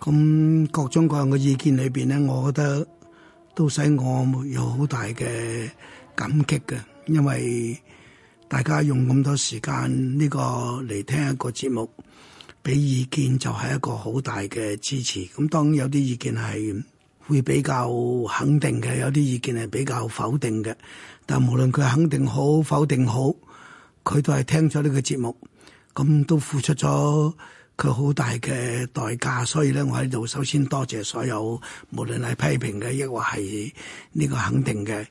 咁各種各樣嘅意見裏面咧，我覺得都使我有好大嘅感激嘅，因為大家用咁多時間呢個嚟聽一個節目，俾意見就係一個好大嘅支持。咁當然有啲意見係會比較肯定嘅，有啲意見係比較否定嘅。但無論佢肯定好，否定好，佢都係聽咗呢個節目，咁都付出咗佢好大嘅代價，所以咧，我喺度首先多謝所有無論係批評嘅，抑或係呢個肯定嘅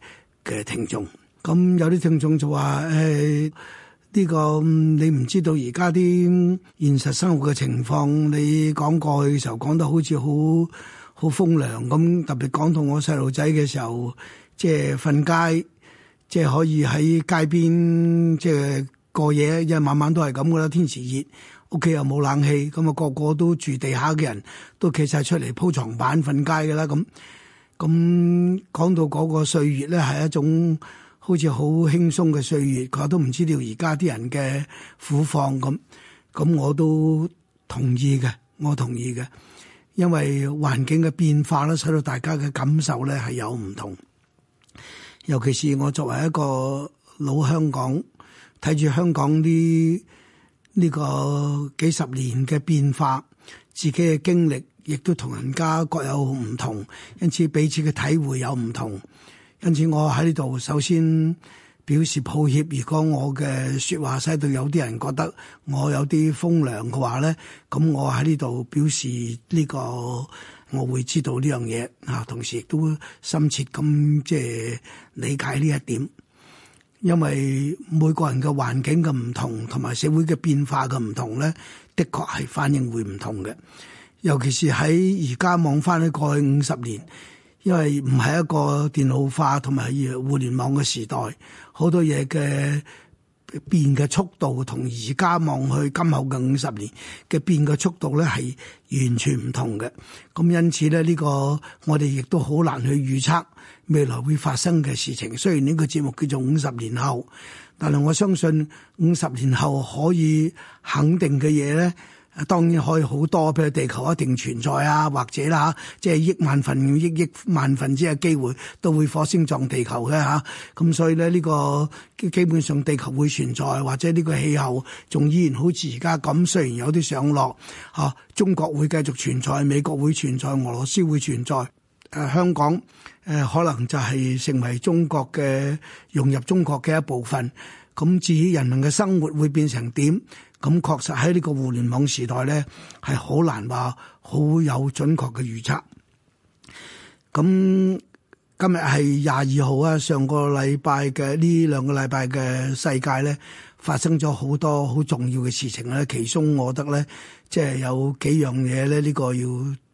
嘅聽眾。咁有啲聽眾就話：誒，呢個你唔知道而家啲現實生活嘅情況，你講過去嘅時候講得好似好好風涼咁，特別講到我細路仔嘅時候，即係瞓街，即係可以喺街邊，即係過夜，因為晚晚都係咁噶啦，天時熱。屋企又冇冷氣，咁、那、啊個個都住地下嘅人，都企晒出嚟鋪床板瞓街噶啦。咁咁講到嗰個歲月咧，係一種好似好輕鬆嘅歲月，佢都唔知道而家啲人嘅苦況咁。咁我都同意嘅，我同意嘅，因為環境嘅變化啦，使到大家嘅感受咧係有唔同。尤其是我作為一個老香港，睇住香港啲。呢、這個幾十年嘅變化，自己嘅經歷亦都同人家各有唔同，因此彼此嘅體會有唔同。因此我喺呢度首先表示抱歉，如果我嘅說話使到有啲人覺得我有啲風涼嘅話咧，咁我喺呢度表示呢、這個我會知道呢樣嘢啊，同時亦都深切咁即係理解呢一點。因為每個人嘅環境嘅唔同，同埋社會嘅變化嘅唔同咧，的確係反應會唔同嘅。尤其是喺而家望翻去過去五十年，因為唔係一個電腦化同埋互聯網嘅時代，好多嘢嘅變嘅速度，同而家望去今後嘅五十年嘅變嘅速度咧，係完全唔同嘅。咁因此咧，呢個我哋亦都好難去預測。未來會發生嘅事情，雖然呢個節目叫做五十年後，但係我相信五十年後可以肯定嘅嘢咧，當然可以好多，譬如地球一定存在啊，或者啦，即係億萬分億億萬分之嘅機會都會火星撞地球嘅吓。咁、啊、所以咧，呢、呢個基本上地球會存在，或者呢個氣候仲依然好似而家咁，雖然有啲上落吓、啊，中國會繼續存在，美國會存在，俄羅斯會存在。誒，香港誒，可能就係成為中國嘅融入中國嘅一部分。咁至於人民嘅生活會變成點？咁確實喺呢個互聯網時代咧，係好難話好有準確嘅預測。咁今日係廿二號啊，上個禮拜嘅呢兩個禮拜嘅世界咧，發生咗好多好重要嘅事情咧。其中我覺得咧，即係有幾樣嘢咧，呢個要。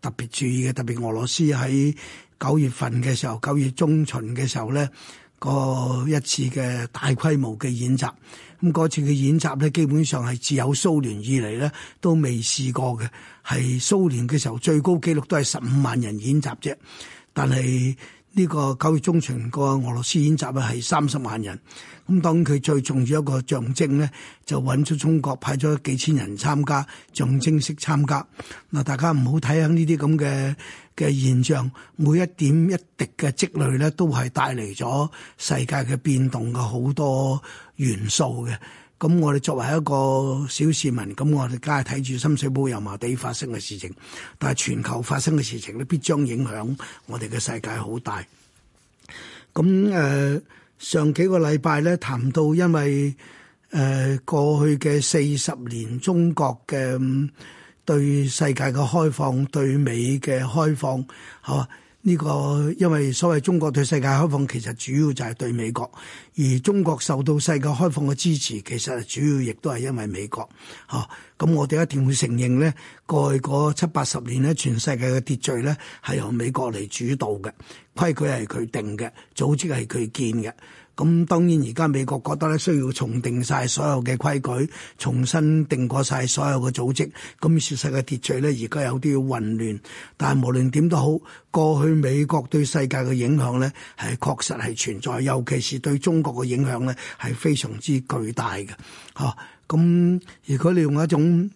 特別注意嘅，特別俄羅斯喺九月份嘅時候，九月中旬嘅時候咧，個一次嘅大規模嘅演習，咁嗰次嘅演習咧，基本上係自有蘇聯以嚟咧都未試過嘅，係蘇聯嘅時候最高紀錄都係十五萬人演習啫，但係。呢、個九月中旬個俄羅斯演習啊，係三十萬人。咁當佢最重要的一個象徵咧，就揾出中國派咗幾千人參加，象徵式參加。嗱，大家唔好睇下呢啲咁嘅嘅現象，每一點一滴嘅積累咧，都係帶嚟咗世界嘅變動嘅好多元素嘅。咁我哋作為一個小市民，咁我哋梗係睇住深水埗油麻地發生嘅事情，但係全球發生嘅事情咧，必將影響我哋嘅世界好大。咁誒、呃，上幾個禮拜咧，談到因為誒、呃、過去嘅四十年，中國嘅對世界嘅開放，對美嘅開放，嚇。呢、呢個因為所謂中國對世界開放，其實主要就係對美國；而中國受到世界開放嘅支持，其實主要亦都係因為美國。嚇，咁我哋一定會承認咧，過去嗰七八十年咧，全世界嘅秩序咧係由美國嚟主導嘅，規矩係佢定嘅，組織係佢建嘅。咁當然而家美國覺得咧需要重定晒所有嘅規矩，重新定過晒所有嘅組織，咁事實嘅秩序咧，而家有啲混亂，但係無論點都好，過去美國對世界嘅影響咧，係確實係存在，尤其是對中國嘅影響咧，係非常之巨大嘅。吓，咁如果你用一種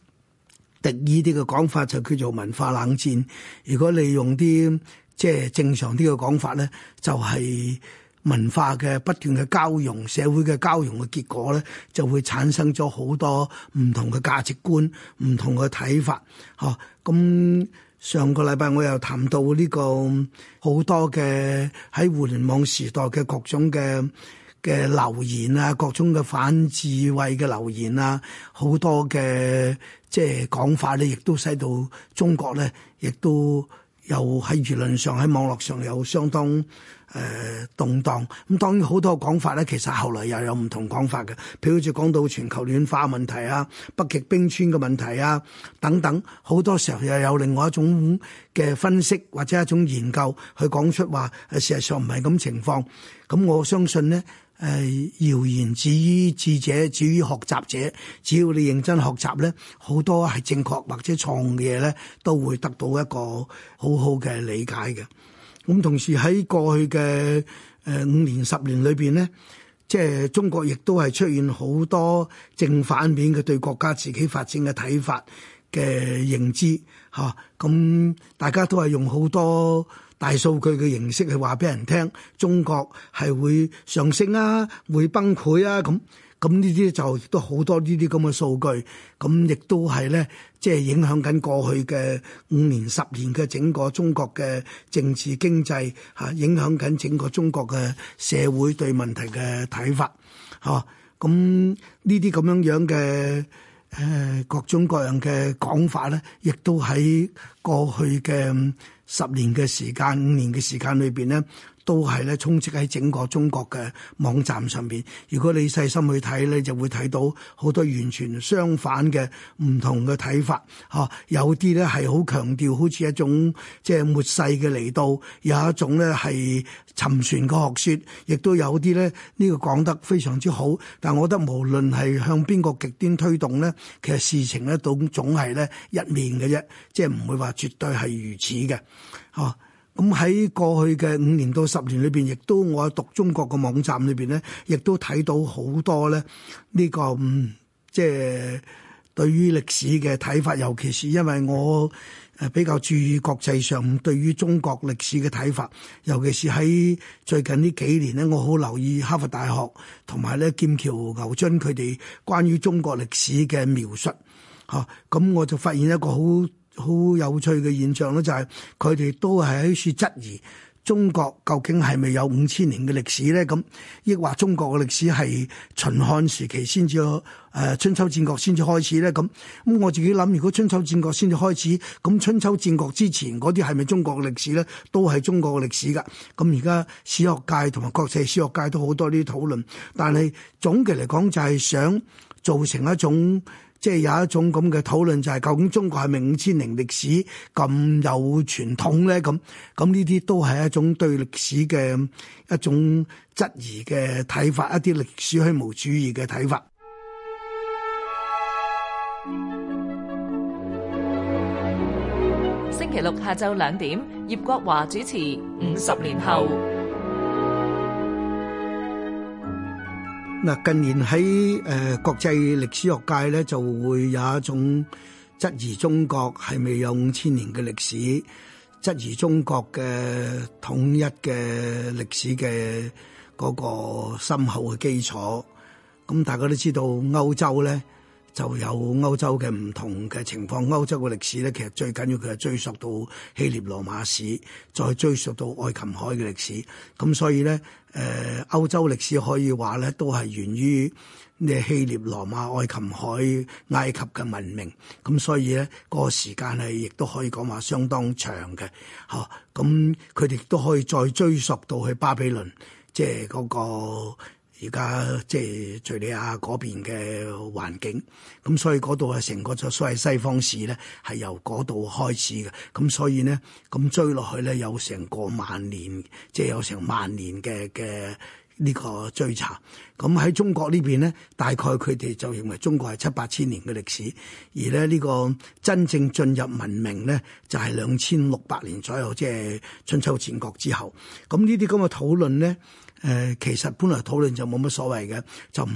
敵意啲嘅講法，就叫做文化冷戰，如果你用啲即係正常啲嘅講法咧，就係、是。文化嘅不斷嘅交融，社會嘅交融嘅結果咧，就會產生咗好多唔同嘅價值觀、唔同嘅睇法。嚇，咁上個禮拜我又談到呢個好多嘅喺互聯網時代嘅各種嘅嘅留言啊，各種嘅反智慧嘅留言啊，好多嘅即係講法咧，亦都使到中國咧，亦都有喺輿論上喺網絡上有相當。誒、呃、動蕩，咁當然好多講法咧，其實後來又有唔同講法嘅，譬如住講到全球暖化問題啊、北極冰川嘅問題啊等等，好多時候又有另外一種嘅分析或者一種研究去講出話，事實上唔係咁情況。咁我相信咧，誒謠言止於智者，止於學習者。只要你認真學習咧，好多係正確或者錯嘅嘢咧，都會得到一個好好嘅理解嘅。咁同時喺過去嘅誒五年十年裏面咧，即係中國亦都係出現好多正反面嘅對國家自己發展嘅睇法嘅認知吓咁、啊、大家都係用好多大數據嘅形式去話俾人聽，中國係會上升啊，會崩潰啊咁。咁呢啲就都好多呢啲咁嘅數據，咁亦都係咧，即係影響緊過去嘅五年、十年嘅整個中國嘅政治經濟嚇，影響緊整個中國嘅社會對問題嘅睇法，嚇。咁呢啲咁樣樣嘅誒各種各樣嘅講法咧，亦都喺過去嘅十年嘅時間、五年嘅時間裏邊咧。都係咧，充斥喺整個中國嘅網站上面。如果你細心去睇咧，就會睇到好多完全相反嘅唔同嘅睇法。嚇，有啲咧係好強調，好似一種即係末世嘅嚟到；有一種咧係沉船嘅學說；亦都有啲咧呢個講得非常之好。但我覺得無論係向邊個極端推動咧，其實事情咧總總係咧一面嘅啫，即係唔會話絕對係如此嘅，嚇。咁喺過去嘅五年到十年裏邊，亦都我讀中國嘅網站裏邊咧，亦都睇到好多咧呢個嗯，即係對於歷史嘅睇法，尤其是因為我誒比較注意國際上對於中國歷史嘅睇法，尤其是喺最近呢幾年咧，我好留意哈佛大學同埋咧劍橋牛津佢哋關於中國歷史嘅描述，嚇，咁我就發現一個好好有趣嘅現象咧，就係佢哋都係喺度質疑中國究竟係咪有五千年嘅歷史咧？咁抑或中國嘅歷史係秦漢時期先至誒春秋戰國先至開始咧？咁咁我自己諗，如果春秋戰國先至開始，咁春秋戰國之前嗰啲係咪中國嘅歷史咧？都係中國嘅歷史㗎。咁而家史學界同埋國際史學界都好多啲討論，但係總括嚟講就係想造成一種。即係有一種咁嘅討論，就係、是、究竟中國係咪五千零歷史咁有傳統咧？咁咁呢啲都係一種對歷史嘅一種質疑嘅睇法，一啲歷史虛無主義嘅睇法。星期六下晝兩點，葉國華主持《五十年後》年後。嗱，近年喺、呃、國際歷史學界咧，就會有一種質疑中國係咪有五千年嘅歷史，質疑中國嘅統一嘅歷史嘅嗰個深厚嘅基礎。咁、嗯、大家都知道歐洲咧。就有歐洲嘅唔同嘅情況，歐洲嘅歷史咧，其實最緊要佢係追溯到希臘羅馬史，再追溯到愛琴海嘅歷史。咁所以咧，誒、呃、歐洲歷史可以話咧，都係源於呢希臘羅馬、愛琴海、埃及嘅文明。咁所以咧，嗰個時間係亦都可以講話相當長嘅。咁佢哋都可以再追溯到去巴比倫，即係嗰、嗰個。而家即係敍利亞嗰邊嘅環境，咁所以嗰度係成個所謂西方史咧，係由嗰度開始嘅。咁所以咧，咁追落去咧，有成個萬年，即係有成萬年嘅嘅呢個追查。咁喺中國呢邊咧，大概佢哋就認為中國係七八千年嘅歷史，而咧呢個真正進入文明咧，就係兩千六百年左右，即係春秋戰國之後。咁呢啲咁嘅討論咧。誒、呃，其實本來討論就冇乜所謂嘅，就唔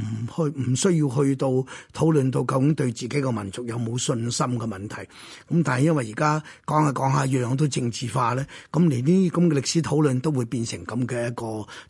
去，唔需要去到討論到究竟對自己個民族有冇信心嘅問題。咁、嗯、但係因為而家講下講下，樣樣都政治化咧，咁嚟呢啲咁嘅歷史討論都會變成咁嘅一個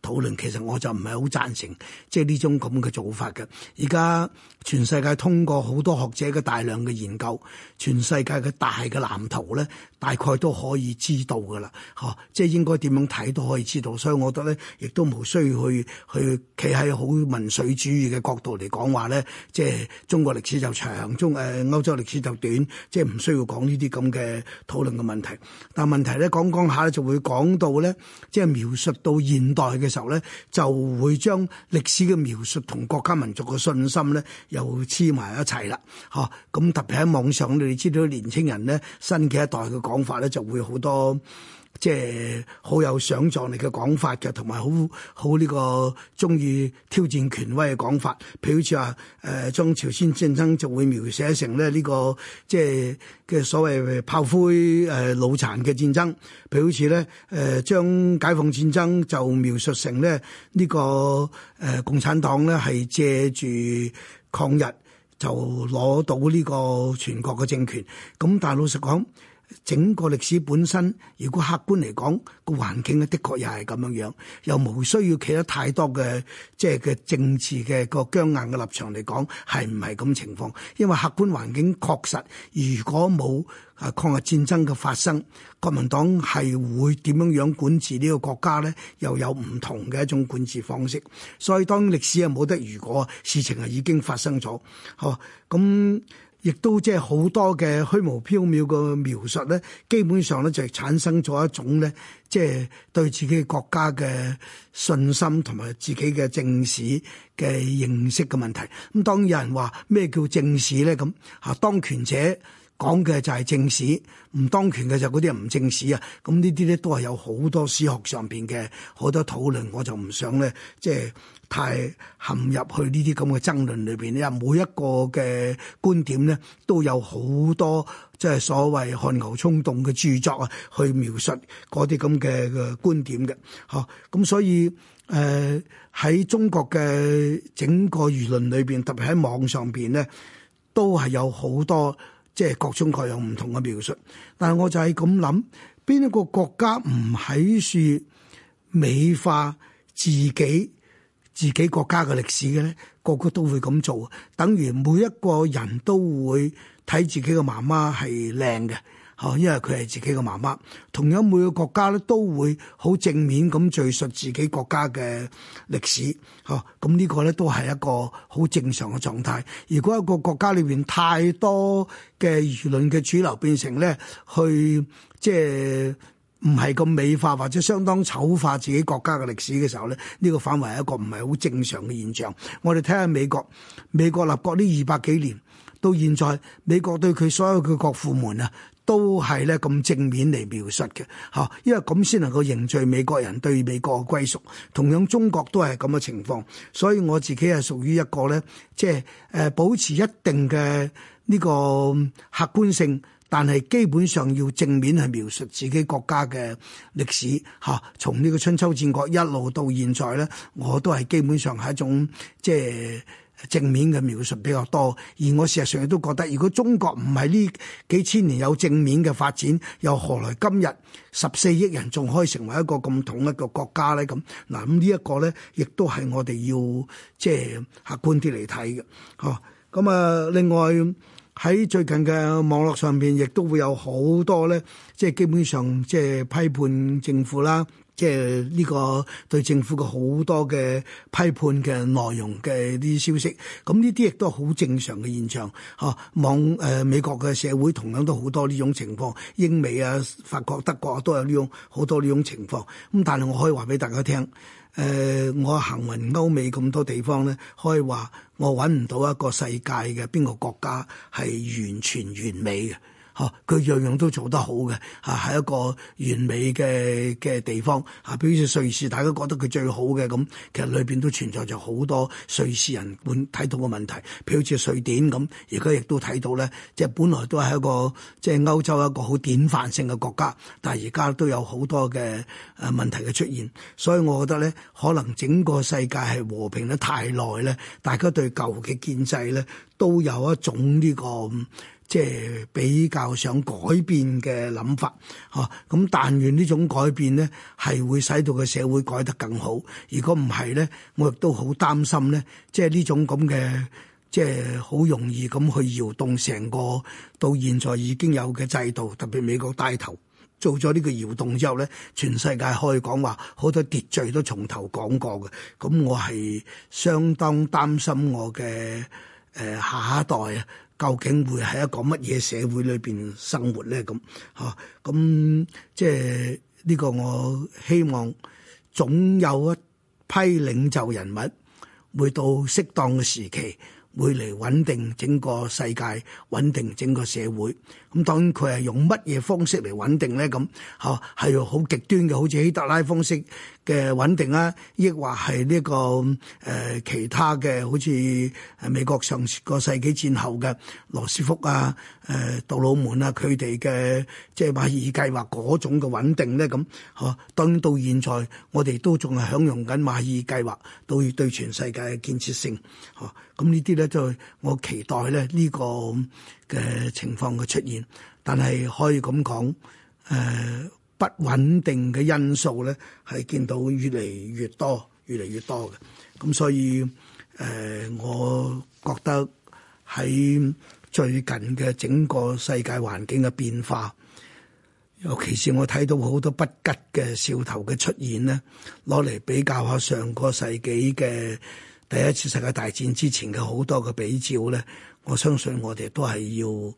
討論。其實我就唔係好贊成，即係呢種咁嘅做法嘅。而家全世界通過好多學者嘅大量嘅研究，全世界嘅大嘅藍圖咧，大概都可以知道㗎啦。即、啊、係、就是、應該點樣睇都可以知道。所以我覺得咧，亦都冇。需要去去企喺好民粹主義嘅角度嚟講話咧，即係中國歷史就長，中誒歐洲歷史就短，即係唔需要講呢啲咁嘅討論嘅問題。但問題咧講講下咧，就會講到咧，即係描述到現代嘅時候咧，就會將歷史嘅描述同國家民族嘅信心咧，又黐埋一齊啦。嚇咁特別喺網上，你哋知道年青人咧，新嘅一代嘅講法咧，就會好多。即係好有想像力嘅講法嘅，同埋好好呢個鍾意挑戰權威嘅講法。譬如好似話，誒、呃、將朝鮮戰爭就會描寫成咧、這、呢個即係嘅所謂炮灰誒腦、呃、殘嘅戰爭。譬如好似咧，誒、呃、將解放戰爭就描述成咧、這、呢個誒、呃、共產黨咧係借住抗日就攞到呢個全國嘅政權。咁但係老實講。整個歷史本身，如果客觀嚟講個環境咧，的確又係咁樣樣，又冇需要企得太多嘅即係嘅政治嘅個僵硬嘅立場嚟講，係唔係咁情況？因為客觀環境確實，如果冇抗日戰爭嘅發生，國民黨係會點樣樣管治呢個國家咧？又有唔同嘅一種管治方式。所以當歷史係冇得如果，事情係已經發生咗，好咁。亦都即係好多嘅虛無縹緲嘅描述咧，基本上咧就產生咗一種咧，即係對自己國家嘅信心同埋自己嘅正史嘅認識嘅問題。咁當然有人話咩叫正史咧？咁嚇當權者講嘅就係正史，唔當權嘅就嗰啲唔正史啊。咁呢啲咧都係有好多史學上面嘅好多討論，我就唔想咧即係。太陷入去呢啲咁嘅爭論裏邊咧，因為，每一個嘅觀點咧都有好多即係所謂汗牛充棟嘅著作啊，去描述嗰啲咁嘅觀點嘅，嚇咁所以誒喺中國嘅整個輿論裏邊，特別喺網上邊咧，都係有好多即係、就是、各種各樣唔同嘅描述。但係我就係咁諗，邊一個國家唔喺樹美化自己？自己國家嘅歷史嘅咧，個個都會咁做，等於每一個人都會睇自己嘅媽媽係靚嘅，嚇，因為佢係自己嘅媽媽。同樣每個國家咧都會好正面咁敘述自己國家嘅歷史，嚇。咁呢個咧都係一個好正常嘅狀態。如果一個國家裏邊太多嘅輿論嘅主流變成咧去即係，唔係咁美化或者相當醜化自己國家嘅歷史嘅時候咧，呢個反為一個唔係好正常嘅現象。我哋睇下美國，美國立國呢二百幾年，到現在美國對佢所有嘅國父們啊，都係咧咁正面嚟描述嘅，嚇，因為咁先能夠凝聚美國人對美國嘅歸屬。同樣中國都係咁嘅情況，所以我自己係屬於一個咧，即係誒保持一定嘅呢個客觀性。但係基本上要正面去描述自己國家嘅歷史嚇，從、啊、呢個春秋戰國一路到現在咧，我都係基本上係一種即係正面嘅描述比較多。而我事實上亦都覺得，如果中國唔係呢幾千年有正面嘅發展，又何來今日十四億人仲可以成為一個咁統一嘅國家咧？咁嗱，咁呢一個咧，亦都係我哋要即係客觀啲嚟睇嘅。哦、啊，咁啊，另外。喺最近嘅網絡上邊，亦都會有好多咧，即係基本上即係批判政府啦，即係呢個對政府嘅好多嘅批判嘅內容嘅啲消息。咁呢啲亦都好正常嘅現象。嚇，網誒美國嘅社會同樣都好多呢種情況，英美啊、法國、德國啊都有呢種好多呢種情況。咁但係我可以話俾大家聽。誒、呃，我行雲歐美咁多地方咧，可以話，我揾唔到一個世界嘅邊個國家係完全完美嘅。嚇佢樣樣都做得好嘅嚇，係一個完美嘅嘅地方嚇。比如瑞士，大家覺得佢最好嘅咁，其實裏面都存在咗好多瑞士人本睇到嘅問題。譬如好似瑞典咁，而家亦都睇到咧，即係本來都係一個即係歐洲一個好典範性嘅國家，但係而家都有好多嘅誒問題嘅出現。所以我覺得咧，可能整個世界係和平得太耐咧，大家對舊嘅建制咧都有一種呢個。即係比較想改變嘅諗法，咁但願呢種改變咧係會使到個社會改得更好。如果唔係咧，我亦都好擔心咧，即係呢種咁嘅，即係好容易咁去搖動成個到現在已經有嘅制度，特別美國帶頭做咗呢個搖動之後咧，全世界可以講話好多秩序都從頭講過嘅。咁我係相當擔心我嘅誒、呃、下一代啊！究竟會喺一個乜嘢社會裏邊生活咧？咁吓咁即係呢個，我希望總有一批領袖人物會到適當嘅時期。會嚟穩定整個世界，穩定整個社會。咁當然佢係用乜嘢方式嚟穩定咧？咁嚇係用好極端嘅，好似希特拉方式嘅穩定啊，亦或係呢個誒、呃、其他嘅，好似美國上個世紀戰後嘅羅斯福啊、誒、呃、杜魯門啊，佢哋嘅即係馬爾計劃嗰種嘅穩定咧。咁嚇，當然到現在我哋都仲係享用緊馬爾計劃對對全世界嘅建設性嚇。咁呢啲咧，就係我期待咧呢個嘅情況嘅出現，但係可以咁講，呃，不穩定嘅因素咧係見到越嚟越多，越嚟越多嘅。咁所以，呃，我覺得喺最近嘅整個世界環境嘅變化，尤其是我睇到好多不吉嘅兆頭嘅出現咧，攞嚟比較下上個世紀嘅。第一次世界大戰之前嘅好多嘅比照咧，我相信我哋都係要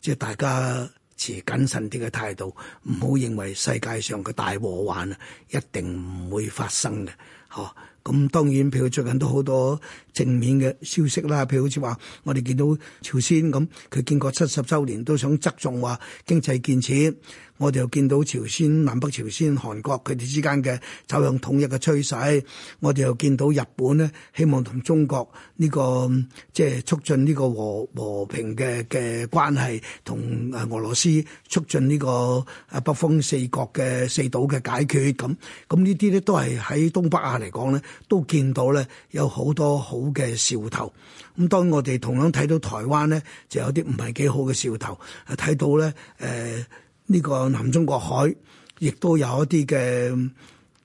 即係大家持謹慎啲嘅態度，唔好認為世界上嘅大禍患啊一定唔會發生嘅。吓，咁當然，譬如最近都好多正面嘅消息啦，譬如好似話，我哋見到朝鮮咁，佢經過七十周年都想側重話經濟建設。我哋又見到朝鮮、南北朝鮮、韓國佢哋之間嘅走向統一嘅趨勢，我哋又見到日本呢，希望同中國呢個即係促進呢個和和平嘅嘅關係，同誒俄羅斯促進呢個北方四國嘅四島嘅解決咁。咁呢啲咧都係喺東北亞嚟講咧，都見到咧有好多好嘅兆頭。咁當我哋同樣睇到台灣咧，就有啲唔係幾好嘅兆頭，睇到咧誒。呃呢個南中國海亦都有一啲嘅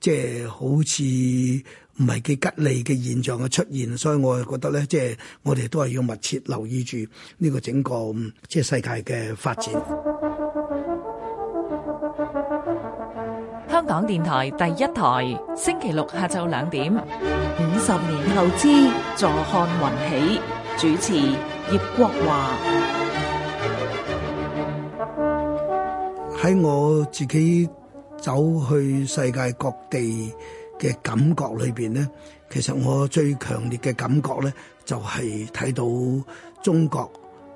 即係好似唔係幾吉利嘅現象嘅出現，所以我覺得咧，即係我哋都係要密切留意住呢個整個即係世界嘅發展。香港電台第一台，星期六下晝兩點，五十年後之坐看雲起，主持葉國華。喺我自己走去世界各地嘅感覺裏邊咧，其實我最強烈嘅感覺咧，就係睇到中國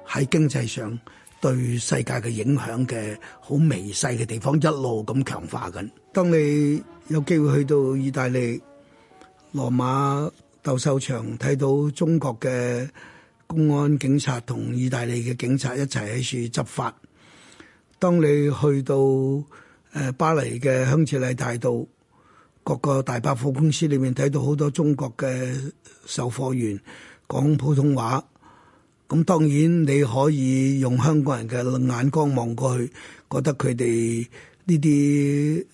喺經濟上對世界嘅影響嘅好微細嘅地方一路咁強化緊。當你有機會去到意大利羅馬鬥獸場，睇到中國嘅公安警察同意大利嘅警察一齊喺處執法。當你去到誒巴黎嘅香榭麗大道，各個大百貨公司裏面睇到好多中國嘅售貨員講普通話，咁當然你可以用香港人嘅眼光望過去，覺得佢哋呢啲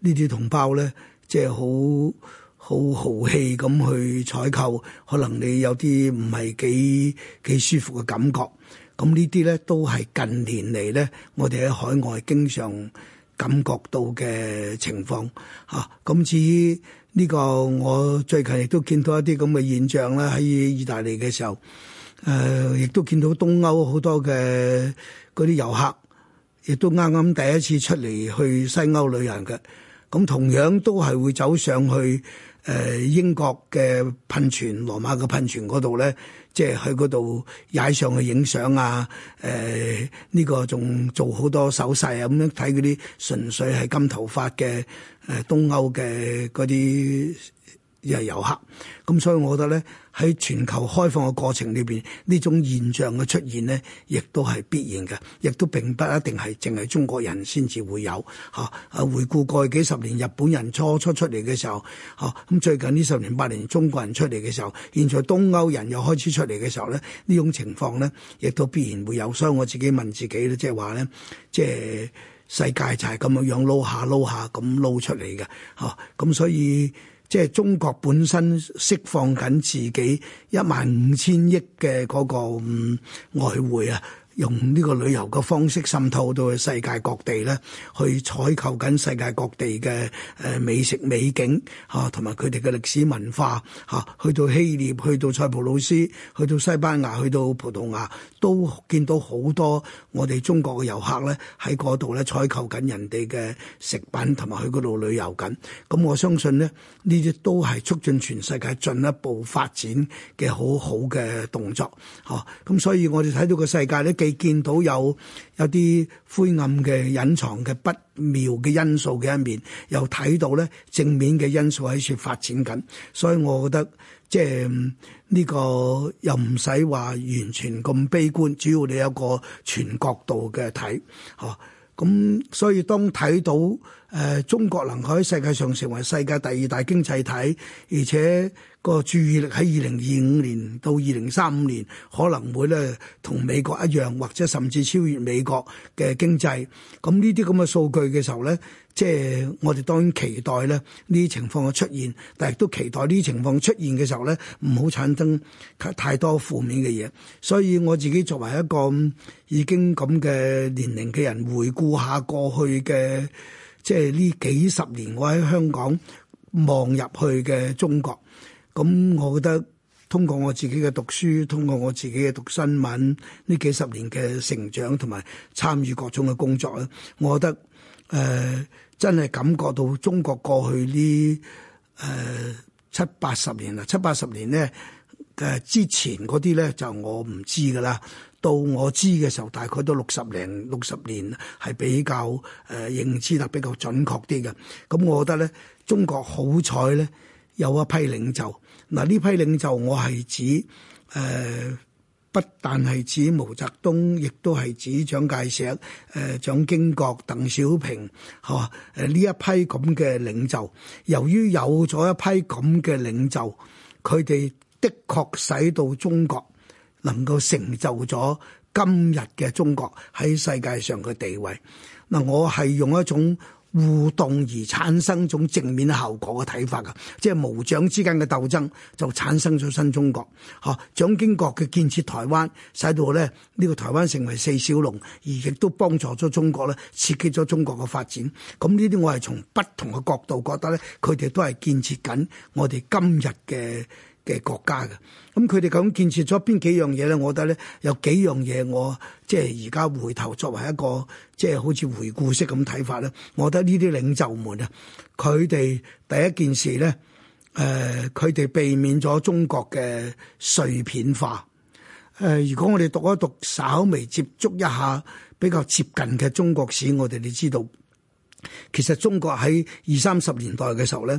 呢啲同胞咧，即係好好豪氣咁去採購，可能你有啲唔係幾幾舒服嘅感覺。咁呢啲咧都係近年嚟咧，我哋喺海外經常感覺到嘅情況嚇。咁至於呢個，我最近亦都見到一啲咁嘅現象啦，喺意大利嘅時候，誒亦都見到東歐好多嘅嗰啲遊客，亦都啱啱第一次出嚟去西歐旅行嘅，咁同樣都係會走上去誒英國嘅噴泉、羅馬嘅噴泉嗰度咧。即係去嗰度踩上去影相啊！誒、呃、呢、呢個仲做好多手勢啊！咁樣睇嗰啲純粹係金頭髮嘅誒東歐嘅嗰啲。又係遊客，咁所以我覺得咧，喺全球開放嘅過程裏面，呢種現象嘅出現呢，亦都係必然嘅，亦都並不一定係淨係中國人先至會有嚇啊，回顧過去幾十年，日本人初初出嚟嘅時候，嚇咁最近呢十年八年，中國人出嚟嘅時候，現在東歐人又開始出嚟嘅時候咧，呢種情況咧，亦都必然會有。所以我自己問自己咧，即係話咧，即係世界就係咁樣樣撈下撈下咁撈出嚟嘅，嚇咁所以。即係中國本身釋放緊自己一萬五千億嘅嗰個、嗯、外匯啊！用呢個旅遊嘅方式滲透到去世界各地咧，去採購緊世界各地嘅誒美食美景吓，同埋佢哋嘅歷史文化吓，去到希臘，去到塞浦路斯，去到西班牙，去到葡萄牙，都見到好多我哋中國嘅遊客咧喺度咧採購緊人哋嘅食品，同埋去度旅遊緊，咁我相信咧，呢啲都係促進全世界進一步發展嘅好好嘅動作吓，咁所以我哋睇到個世界咧你見到有有啲灰暗嘅隱藏嘅不妙嘅因素嘅一面，又睇到咧正面嘅因素喺處發展緊，所以我覺得即係呢個又唔使話完全咁悲觀，主要你有個全角度嘅睇嚇，咁所以當睇到。誒、呃，中國能夠喺世界上成為世界第二大經濟體，而且個注意力喺二零二五年到二零三五年可能會咧同美國一樣，或者甚至超越美國嘅經濟。咁呢啲咁嘅數據嘅時候咧，即係我哋當然期待咧呢啲情況嘅出現，但係亦都期待呢啲情況出現嘅時候咧唔好產生太多負面嘅嘢。所以我自己作為一個已經咁嘅年齡嘅人，回顧下過去嘅。即係呢幾十年，我喺香港望入去嘅中國，咁我覺得通過我自己嘅讀書，通過我自己嘅讀新聞，呢幾十年嘅成長同埋參與各種嘅工作咧，我覺得誒、呃、真係感覺到中國過去呢誒七八十年啦，七八十年咧、呃、之前嗰啲咧就我唔知㗎喇。到我知嘅時候，大概都六十零六十年，係比較誒、呃、認知得比較準確啲嘅。咁、嗯、我覺得咧，中國好彩咧有一批領袖。嗱、啊，呢批領袖我係指誒、呃、不但係指毛澤東亦都係指蔣介石、誒、呃、蔣經國鄧小平，嚇誒呢一批咁嘅領袖。由於有咗一批咁嘅領袖，佢哋的確使到中國。能夠成就咗今日嘅中國喺世界上嘅地位，嗱，我係用一種互動而產生種正面效果嘅睇法嘅，即係毛蔣之間嘅鬥爭就產生咗新中國，吓，蔣經國嘅建設台灣使到咧呢個台灣成為四小龍，而亦都幫助咗中國咧，刺激咗中國嘅發展，咁呢啲我係從不同嘅角度覺得咧，佢哋都係建設緊我哋今日嘅。嘅國家嘅，咁佢哋咁建設咗邊幾樣嘢咧？我覺得咧有幾樣嘢，我即係而家回頭作為一個即係好似回顧式咁睇法咧。我覺得呢啲領袖們啊，佢哋第一件事咧，呃、佢哋避免咗中國嘅碎片化。呃、如果我哋讀一讀，稍微接觸一下比較接近嘅中國史，我哋你知道，其實中國喺二三十年代嘅時候咧，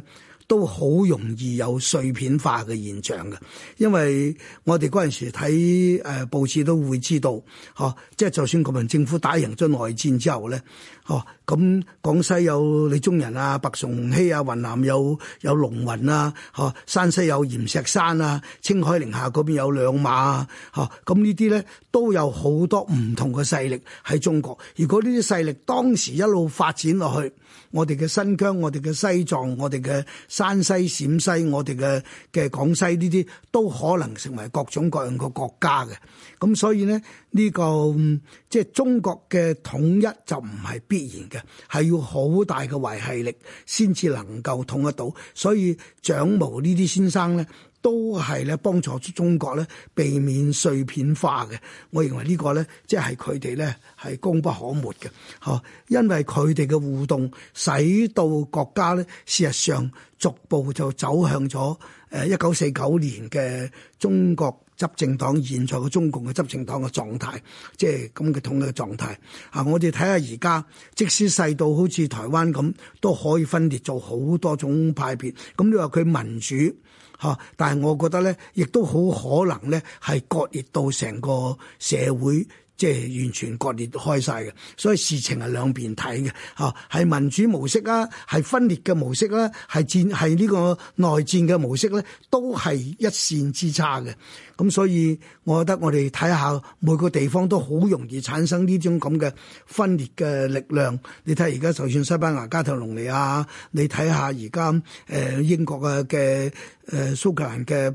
都好容易有碎片化嘅現象嘅，因為我哋嗰陣時睇誒報紙都會知道，吓，即係就算國民政府打贏咗內戰之後咧，哦，咁廣西有李宗仁啊、白崇禧啊，雲南有有龍雲啊，吓，山西有閻錫山啊，青海寧夏嗰邊有兩馬啊，吓，咁呢啲咧都有好多唔同嘅勢力喺中國，如果呢啲勢力當時一路發展落去，我哋嘅新疆、我哋嘅西藏、我哋嘅……山西、陝西、我哋嘅嘅廣西呢啲，都可能成為各種各樣嘅國家嘅。咁所以咧，呢、這個、嗯、即係中國嘅統一就唔係必然嘅，係要好大嘅維繫力先至能夠統得到。所以長毛呢啲先生咧。都係咧幫助中國咧避免碎片化嘅，我認為呢個咧即係佢哋咧係功不可沒嘅，嚇，因為佢哋嘅互動使到國家咧事實上逐步就走向咗誒一九四九年嘅中國執政黨現在嘅中共嘅執政黨嘅狀態，即係咁嘅統一嘅狀態。啊，我哋睇下而家，即使細到好似台灣咁，都可以分裂做好多種派別。咁你話佢民主？嚇！但係，我覺得咧，亦都好可能咧，係割裂到成個社會。即係完全割裂開晒嘅，所以事情係兩邊睇嘅，吓係民主模式啊，係分裂嘅模式啦，係戰係呢個內戰嘅模式咧，都係一線之差嘅。咁所以我覺得我哋睇下每個地方都好容易產生呢種咁嘅分裂嘅力量。你睇下而家就算西班牙加泰隆尼亞，你睇下而家誒英國嘅嘅誒蘇格蘭嘅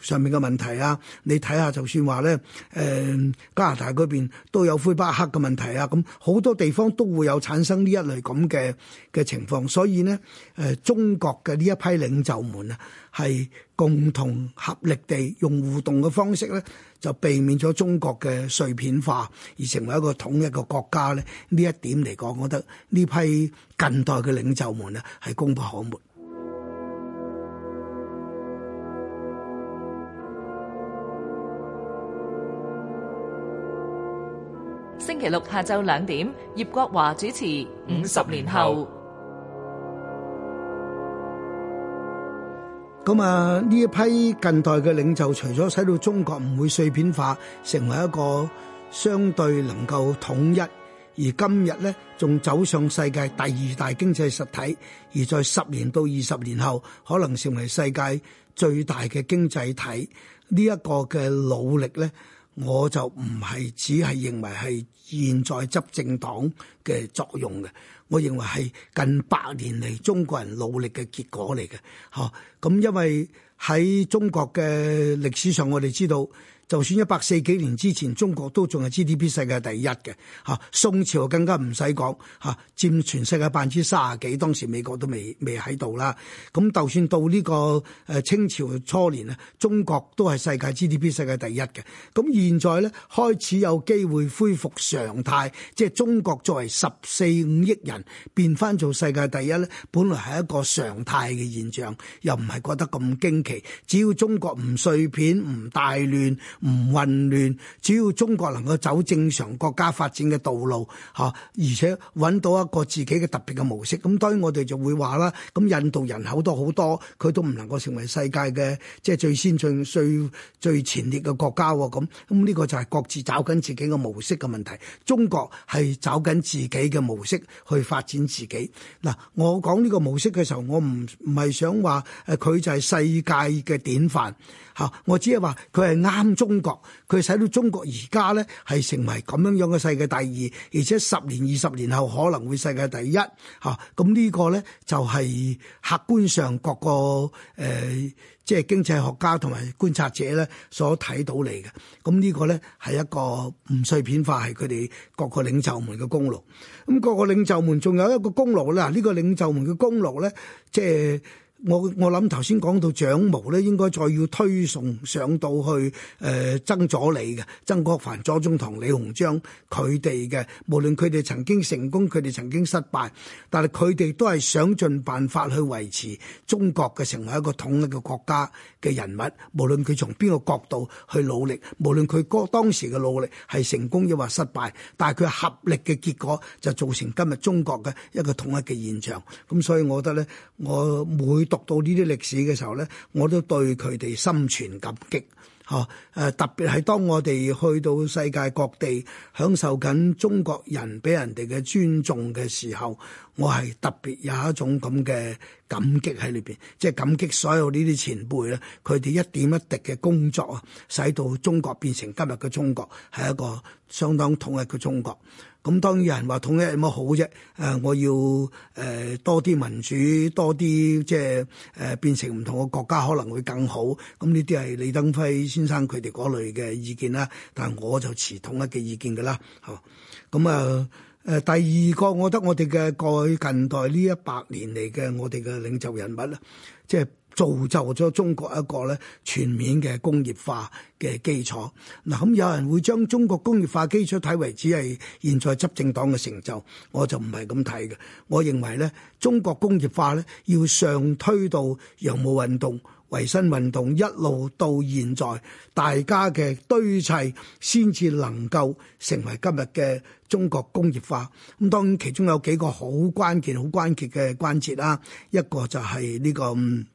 上面嘅問題啊，你睇下就算話咧誒加拿大嗰邊都有灰巴克嘅問題啊！咁好多地方都會有產生呢一類咁嘅嘅情況，所以咧誒、呃、中國嘅呢一批領袖們啊，係共同合力地用互動嘅方式咧，就避免咗中國嘅碎片化，而成為一個統一嘅國家咧。呢一點嚟講，我覺得呢批近代嘅領袖們啊，係功不可沒。星期六下晝兩點，葉國華主持《五十年後》年後。咁啊，呢一批近代嘅領袖，除咗使到中國唔會碎片化，成為一個相對能夠統一，而今日咧仲走上世界第二大經濟實體，而在十年到二十年後，可能成為世界最大嘅經濟體，呢、這、一個嘅努力咧。我就唔係只係認為係現在執政黨嘅作用嘅，我認為係近百年嚟中國人努力嘅結果嚟嘅。吓，咁因為喺中國嘅歷史上，我哋知道。就算一百四幾年之前，中國都仲係 GDP 世界第一嘅，宋朝更加唔使講，嚇佔全世界百分之卅幾，當時美國都未未喺度啦。咁就算到呢個清朝初年啊，中國都係世界 GDP 世界第一嘅。咁現在咧，開始有機會恢復常態，即係中國作為十四五億人變翻做世界第一咧，本來係一個常態嘅現象，又唔係覺得咁驚奇。只要中國唔碎片、唔大亂。唔混亂，只要中國能夠走正常國家發展嘅道路吓，而且揾到一個自己嘅特別嘅模式。咁當然我哋就會話啦，咁印度人口都好多，佢都唔能夠成為世界嘅即係最先進最最前列嘅國家喎。咁咁呢個就係各自找緊自己嘅模式嘅問題，中國係找緊自己嘅模式去發展自己。嗱，我講呢個模式嘅時候，我唔唔係想話誒佢就係世界嘅典範吓，我只係話佢係啱中。中國佢使到中國而家咧係成為咁樣樣嘅世界第二，而且十年二十年後可能會世界第一嚇。咁、啊、呢個咧就係、是、客觀上各個誒、呃、即係經濟學家同埋觀察者咧所睇到嚟嘅。咁、啊這個、呢個咧係一個唔碎片化，係佢哋各個領袖們嘅功勞。咁、啊、各個領袖們仲有一個功勞喇，呢、啊這個領袖們嘅功勞咧，即係。我我諗頭先講到長毛咧，應該再要推崇上到去誒曾左李嘅曾國藩、左宗棠、李鴻章佢哋嘅，無論佢哋曾經成功，佢哋曾經失敗，但係佢哋都係想盡辦法去維持中國嘅成為一個統一嘅國家嘅人物。無論佢從邊個角度去努力，無論佢嗰當時嘅努力係成功抑或失敗，但係佢合力嘅結果就造成今日中國嘅一個統一嘅現象。咁所以我覺得咧，我每到呢啲歷史嘅時候咧，我都對佢哋心存感激，嚇誒！特別係當我哋去到世界各地，享受緊中國人俾人哋嘅尊重嘅時候，我係特別有一種咁嘅感激喺裏邊，即係感激所有呢啲前輩咧，佢哋一點一滴嘅工作啊，使到中國變成今日嘅中國，係一個相當統一嘅中國。咁當然人話統一有乜好啫、呃？我要誒、呃、多啲民主，多啲即係誒變成唔同嘅國家可能會更好。咁呢啲係李登輝先生佢哋嗰類嘅意見啦。但係我就持統一嘅意見㗎啦。吓、咁啊、嗯呃、第二個，我覺得我哋嘅過去近代呢一百年嚟嘅我哋嘅領袖人物啦，即係。造就咗中國一個咧全面嘅工業化嘅基礎。嗱，咁有人會將中國工業化基礎睇為只係現在執政黨嘅成就，我就唔係咁睇嘅。我認為咧，中國工業化咧要上推到洋務運動、維新運動一路到現在，大家嘅堆砌先至能夠成為今日嘅中國工業化。咁當然其中有幾個好關鍵、好關鍵嘅關節啦、啊，一個就係呢、這個。嗯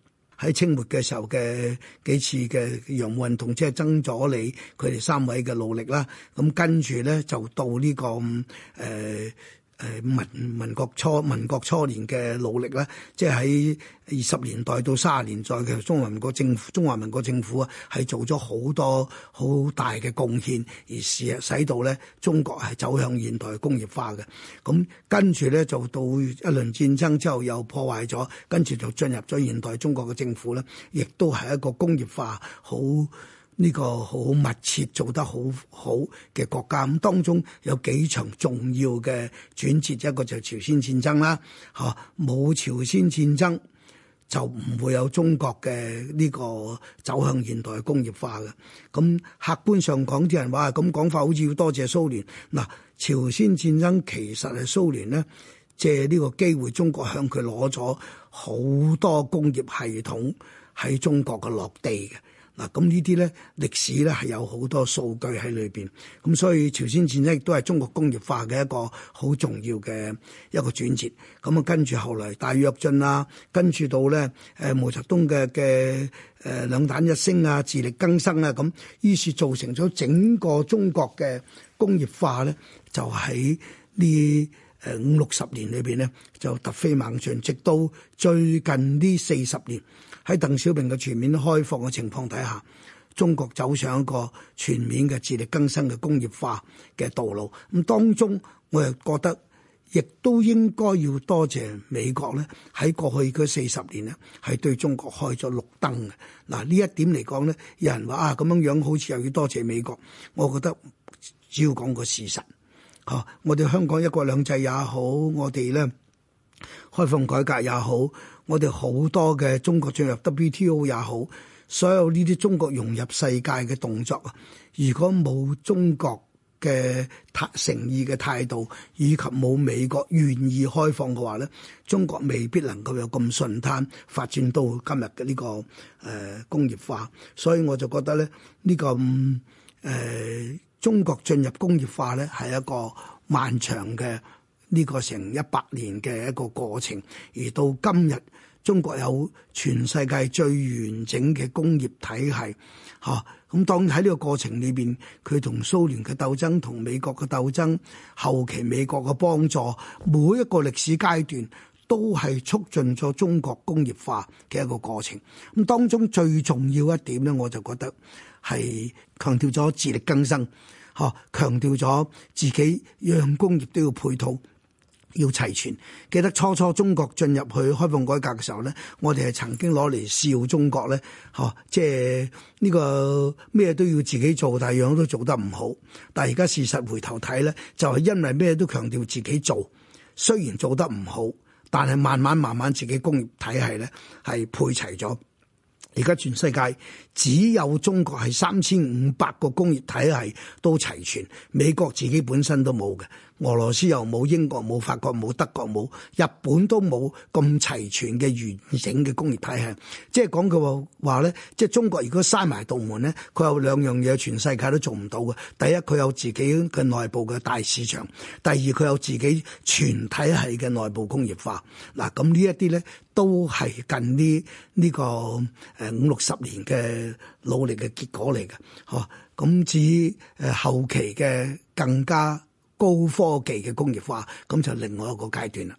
喺清末嘅時候嘅幾次嘅洋運動，即係曾左李佢哋三位嘅努力啦，咁、嗯、跟住咧就到呢、這個誒。呃誒民民國初民國初年嘅努力咧，即係喺二十年代到三十年代嘅中華民國政府，中華民國政府啊，係做咗好多好大嘅貢獻，而使使到咧中國係走向現代工業化嘅。咁跟住咧就到一輪戰爭之後又破壞咗，跟住就進入咗現代中國嘅政府咧，亦都係一個工業化好。呢個好密切做得好好嘅國家，咁當中有幾場重要嘅轉折，一個就係朝鮮戰爭啦，嚇冇朝鮮戰爭就唔會有中國嘅呢個走向現代工業化嘅。咁客觀上講，啲人話咁講法，好似要多謝蘇聯嗱。朝鮮戰爭其實係蘇聯呢，借呢個機會，中國向佢攞咗好多工業系統喺中國嘅落地嘅。咁呢啲咧歷史咧係有好多數據喺裏面，咁所以朝鮮戰爭亦都係中國工業化嘅一個好重要嘅一個轉折。咁啊跟住後來大躍進啦，跟住到咧毛澤東嘅嘅誒兩彈一星啊、自力更生啊，咁於是造成咗整個中國嘅工業化咧，就喺呢五六十年裏面咧就突飛猛進，直到最近呢四十年。喺鄧小平嘅全面開放嘅情況底下，中國走上一個全面嘅自力更生嘅工業化嘅道路。咁當中我又覺得，亦都應該要多謝美國咧。喺過去嗰四十年呢係對中國開咗綠燈嘅。嗱、啊、呢一點嚟講咧，有人話啊咁樣樣，好似又要多謝美國。我覺得只要講個事實。吓、啊，我哋香港一國兩制也好，我哋咧開放改革也好。我哋好多嘅中國進入 WTO 也好，所有呢啲中國融入世界嘅動作啊，如果冇中國嘅態誠意嘅態度，以及冇美國願意開放嘅話咧，中國未必能夠有咁順攤發展到今日嘅呢個呃工業化。所以我就覺得咧，呢個呃中國進入工業化咧係一個漫長嘅呢個成一百年嘅一個過程，而到今日。中國有全世界最完整嘅工業體系，嚇！咁當喺呢個過程裏面，佢同蘇聯嘅鬥爭、同美國嘅鬥爭，後期美國嘅幫助，每一個歷史階段都係促進咗中國工業化嘅一個過程。咁當中最重要一點咧，我就覺得係強調咗自力更生，嚇！強調咗自己讓工業都要配套。要齊全。記得初初中國進入去開放改革嘅時候咧，我哋係曾經攞嚟笑中國咧，呵，即係呢個咩都要自己做，但樣都做得唔好。但係而家事實回頭睇咧，就係因為咩都強調自己做，雖然做得唔好，但係慢慢慢慢自己工業體系咧係配齊咗。而家全世界只有中國係三千五百個工業體系都齊全，美國自己本身都冇嘅。俄羅斯又冇，英國冇，法國冇，德國冇，日本都冇咁齊全嘅完整嘅工業體系。即係講句話咧，即係中國如果閂埋道門咧，佢有兩樣嘢全世界都做唔到嘅。第一，佢有自己嘅內部嘅大市場；第二，佢有自己全體系嘅內部工業化。嗱，咁呢一啲咧都係近呢呢、呢個誒五六十年嘅努力嘅結果嚟嘅。嚇，咁至於誒後期嘅更加。高科技嘅工業化，咁就另外一個階段啦。